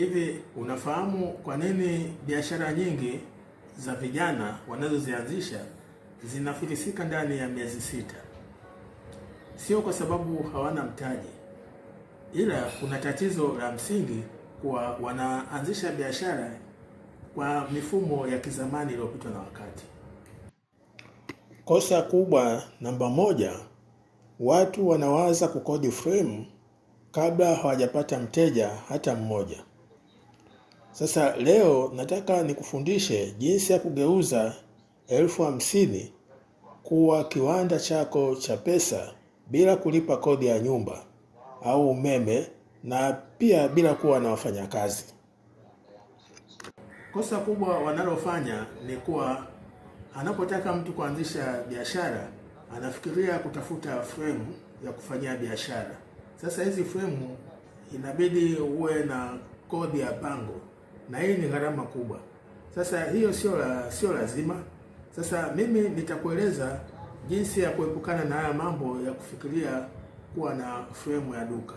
Hivi unafahamu kwa nini biashara nyingi za vijana wanazozianzisha zinafilisika ndani ya miezi sita? Sio kwa sababu hawana mtaji, ila kuna tatizo la msingi kuwa wanaanzisha biashara kwa mifumo ya kizamani iliyopitwa na wakati. Kosa kubwa namba moja, watu wanawaza kukodi fremu kabla hawajapata mteja hata mmoja. Sasa leo nataka nikufundishe jinsi ya kugeuza elfu hamsini kuwa kiwanda chako cha pesa bila kulipa kodi ya nyumba au umeme na pia bila kuwa na wafanyakazi. Kosa kubwa wanalofanya ni kuwa anapotaka mtu kuanzisha biashara anafikiria kutafuta fremu ya kufanyia biashara. Sasa hizi fremu inabidi uwe na kodi ya pango na hii ni gharama kubwa. Sasa hiyo sio la, sio lazima. Sasa mimi nitakueleza jinsi ya kuepukana na haya mambo ya kufikiria kuwa na fremu ya duka.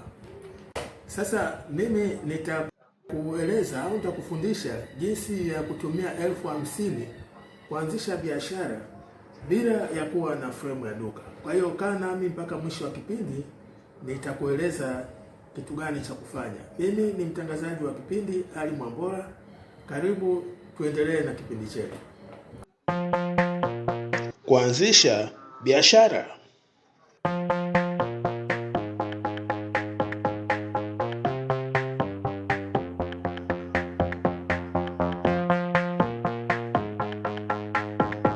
Sasa mimi nitakueleza au nitakufundisha jinsi ya kutumia elfu hamsini kuanzisha biashara bila ya kuwa na fremu ya duka. Kwa hiyo kaa nami mpaka mwisho wa kipindi nitakueleza kitu gani cha kufanya. Mimi ni mtangazaji wa kipindi Ali Mwambola, karibu tuendelee na kipindi chetu. Kuanzisha biashara.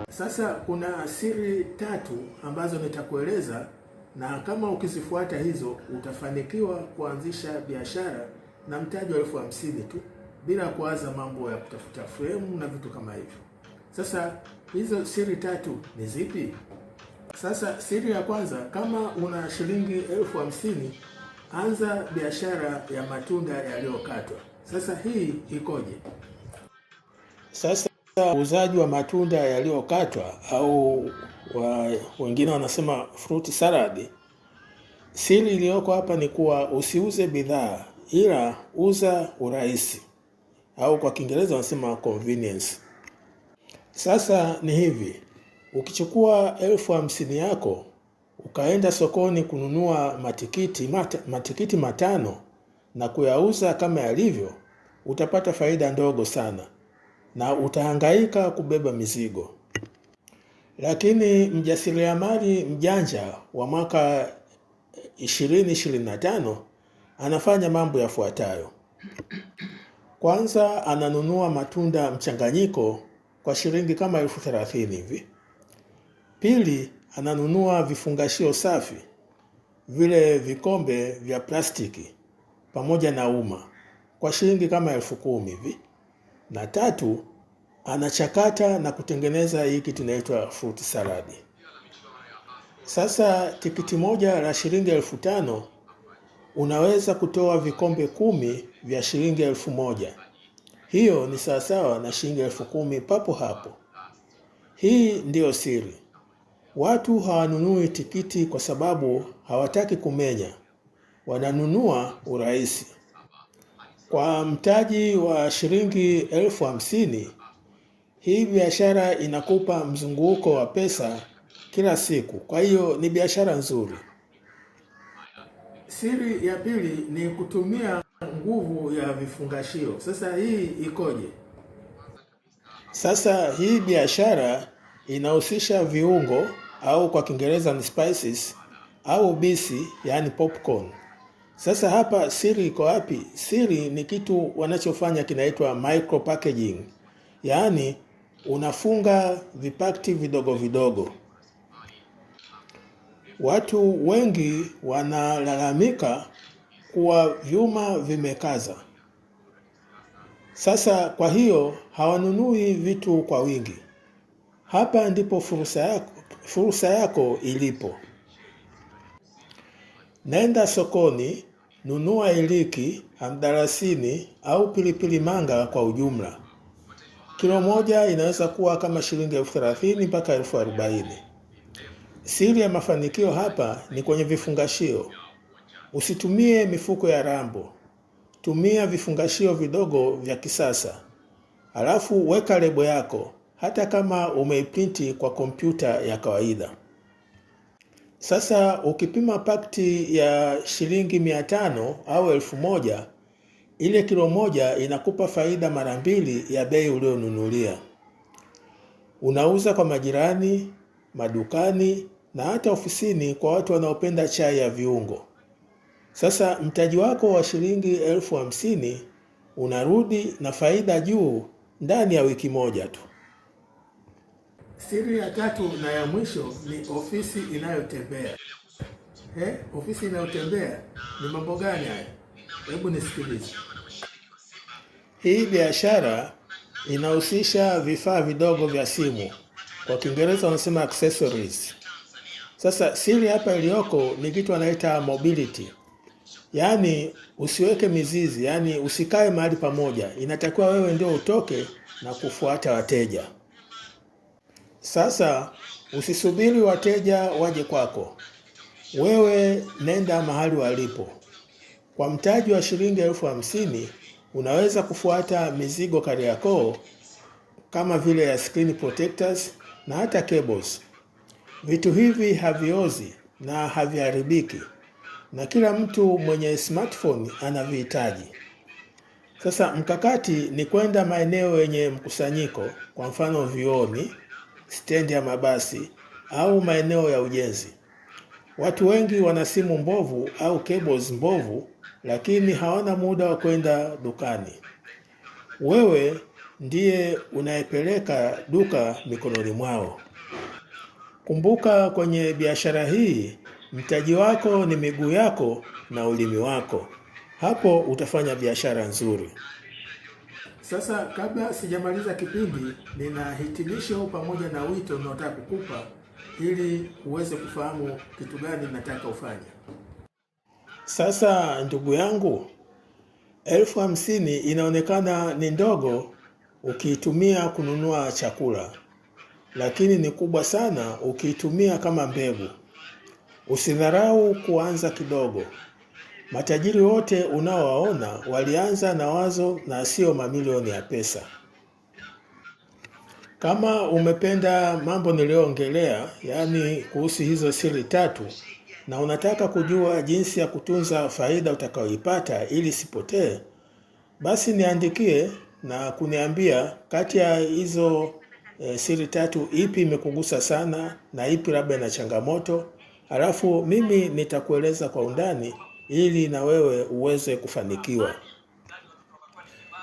Sasa kuna siri tatu ambazo nitakueleza na kama ukizifuata hizo utafanikiwa kuanzisha biashara na mtaji wa elfu hamsini tu bila kuwaza mambo ya kutafuta fremu na vitu kama hivyo. Sasa hizo siri tatu ni zipi? Sasa siri ya kwanza, kama una shilingi elfu hamsini anza biashara ya matunda yaliyokatwa. Sasa hii ikoje? Sasa Uuzaji wa matunda yaliyokatwa au wa, wengine wanasema fruit salad. Siri iliyoko hapa ni kuwa usiuze bidhaa, ila uza urahisi au kwa Kiingereza wanasema convenience. Sasa ni hivi, ukichukua elfu hamsini yako ukaenda sokoni kununua matikiti mat, matikiti matano na kuyauza kama yalivyo, utapata faida ndogo sana na utahangaika kubeba mizigo. Lakini mjasiriamali mjanja wa mwaka 2025 anafanya mambo yafuatayo. Kwanza, ananunua matunda mchanganyiko kwa shilingi kama elfu thelathini hivi. Pili, ananunua vifungashio safi vile vikombe vya plastiki pamoja na uma kwa shilingi kama elfu kumi hivi na tatu, anachakata na kutengeneza hii kitu inaitwa fruit salad. Sasa tikiti moja la shilingi elfu tano unaweza kutoa vikombe kumi vya shilingi elfu moja. Hiyo ni sawasawa na shilingi elfu kumi papo hapo. Hii ndiyo siri. Watu hawanunui tikiti kwa sababu hawataki kumenya, wananunua urahisi. Kwa mtaji wa shilingi elfu hamsini hii biashara inakupa mzunguko wa pesa kila siku, kwa hiyo ni biashara nzuri. Siri ya pili ni kutumia nguvu ya vifungashio. Sasa hii ikoje? Sasa hii biashara inahusisha viungo au kwa Kiingereza ni spices au bisi, yani popcorn sasa hapa siri iko wapi? Siri ni kitu wanachofanya kinaitwa micro packaging, yaani unafunga vipakti vidogo vidogo. Watu wengi wanalalamika kuwa vyuma vimekaza. Sasa kwa hiyo hawanunui vitu kwa wingi. Hapa ndipo fursa yako, fursa yako ilipo. Nenda sokoni nunua iliki, amdalasini au pilipili manga kwa ujumla. Kilo moja inaweza kuwa kama shilingi elfu thelathini mpaka elfu arobaini. Siri ya mafanikio hapa ni kwenye vifungashio. Usitumie mifuko ya rambo, tumia vifungashio vidogo vya kisasa, alafu weka lebo yako, hata kama umeiprinti kwa kompyuta ya kawaida. Sasa ukipima pakti ya shilingi mia tano au elfu moja ile kilo moja inakupa faida mara mbili ya bei ulionunulia. Unauza kwa majirani, madukani na hata ofisini kwa watu wanaopenda chai ya viungo. Sasa mtaji wako wa shilingi elfu hamsini unarudi na faida juu ndani ya wiki moja tu. Siri ya tatu na ya mwisho ni ofisi inayotembea. Eh, ofisi inayotembea ni mambo gani haya? Hebu nisikilize. Hii biashara inahusisha vifaa vidogo vya simu, kwa Kiingereza wanasema accessories. Sasa siri hapa iliyoko ni kitu anaita mobility, yaani usiweke mizizi, yaani usikae mahali pamoja, inatakiwa wewe ndio utoke na kufuata wateja. Sasa usisubiri wateja waje kwako, wewe nenda mahali walipo. Kwa mtaji wa shilingi elfu hamsini unaweza kufuata mizigo Kariakoo kama vile ya screen protectors na hata cables. Vitu hivi haviozi na haviharibiki na kila mtu mwenye smartphone anavihitaji. Sasa mkakati ni kwenda maeneo yenye mkusanyiko, kwa mfano vioni stendi ya mabasi au maeneo ya ujenzi. Watu wengi wana simu mbovu au cables mbovu, lakini hawana muda wa kwenda dukani. Wewe ndiye unayepeleka duka mikononi mwao. Kumbuka, kwenye biashara hii mtaji wako ni miguu yako na ulimi wako. Hapo utafanya biashara nzuri. Sasa kabla sijamaliza kipindi, nina hitimisho pamoja na wito unaotaka kukupa ili uweze kufahamu kitu gani nataka ufanye. Sasa ndugu yangu, elfu hamsini inaonekana ni ndogo ukiitumia kununua chakula, lakini ni kubwa sana ukiitumia kama mbegu. Usidharau kuanza kidogo. Matajiri wote unaowaona walianza na wazo na sio mamilioni ya pesa. Kama umependa mambo niliyoongelea, yaani kuhusu hizo siri tatu, na unataka kujua jinsi ya kutunza faida utakayoipata ili isipotee, basi niandikie na kuniambia kati ya hizo e, siri tatu ipi imekugusa sana na ipi labda ina changamoto, halafu mimi nitakueleza kwa undani ili na wewe uweze kufanikiwa.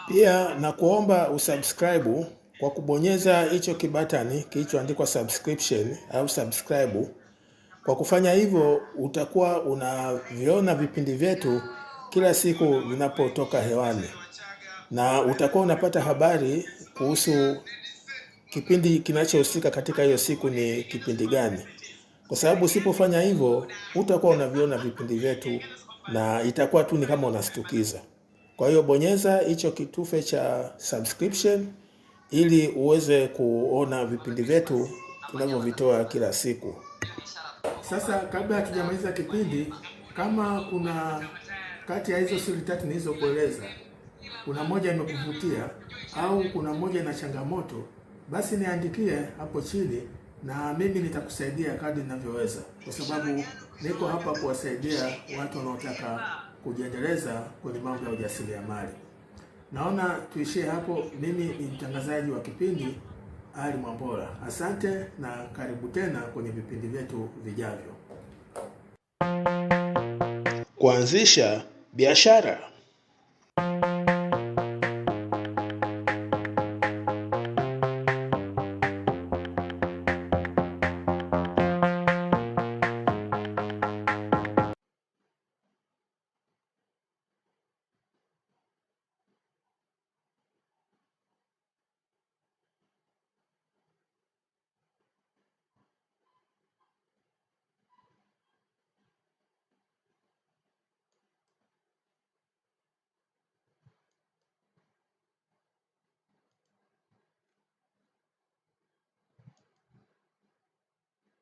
Pia na kuomba usubscribe kwa kubonyeza hicho kibatani kilichoandikwa subscription au subscribe. Kwa kufanya hivyo, utakuwa unaviona vipindi vyetu kila siku vinapotoka hewani na utakuwa unapata habari kuhusu kipindi kinachohusika katika hiyo siku ni kipindi gani, kwa sababu usipofanya hivyo utakuwa unaviona vipindi vyetu na itakuwa tu ni kama unastukiza. Kwa hiyo bonyeza hicho kitufe cha subscription ili uweze kuona vipindi vyetu tunavyovitoa kila siku. Sasa kabla hatujamaliza kipindi, kama kuna kati ya hizo siri tatu nilizokueleza kuna moja imekuvutia au kuna moja ina changamoto, basi niandikie hapo chini na mimi nitakusaidia kadri ninavyoweza, kwa sababu Niko hapa kuwasaidia watu wanaotaka kujiendeleza kwenye mambo ya ujasiriamali. Naona tuishie hapo. Mimi ni mtangazaji wa kipindi Ali Mwambola. Asante na karibu tena kwenye vipindi vyetu vijavyo. Kuanzisha biashara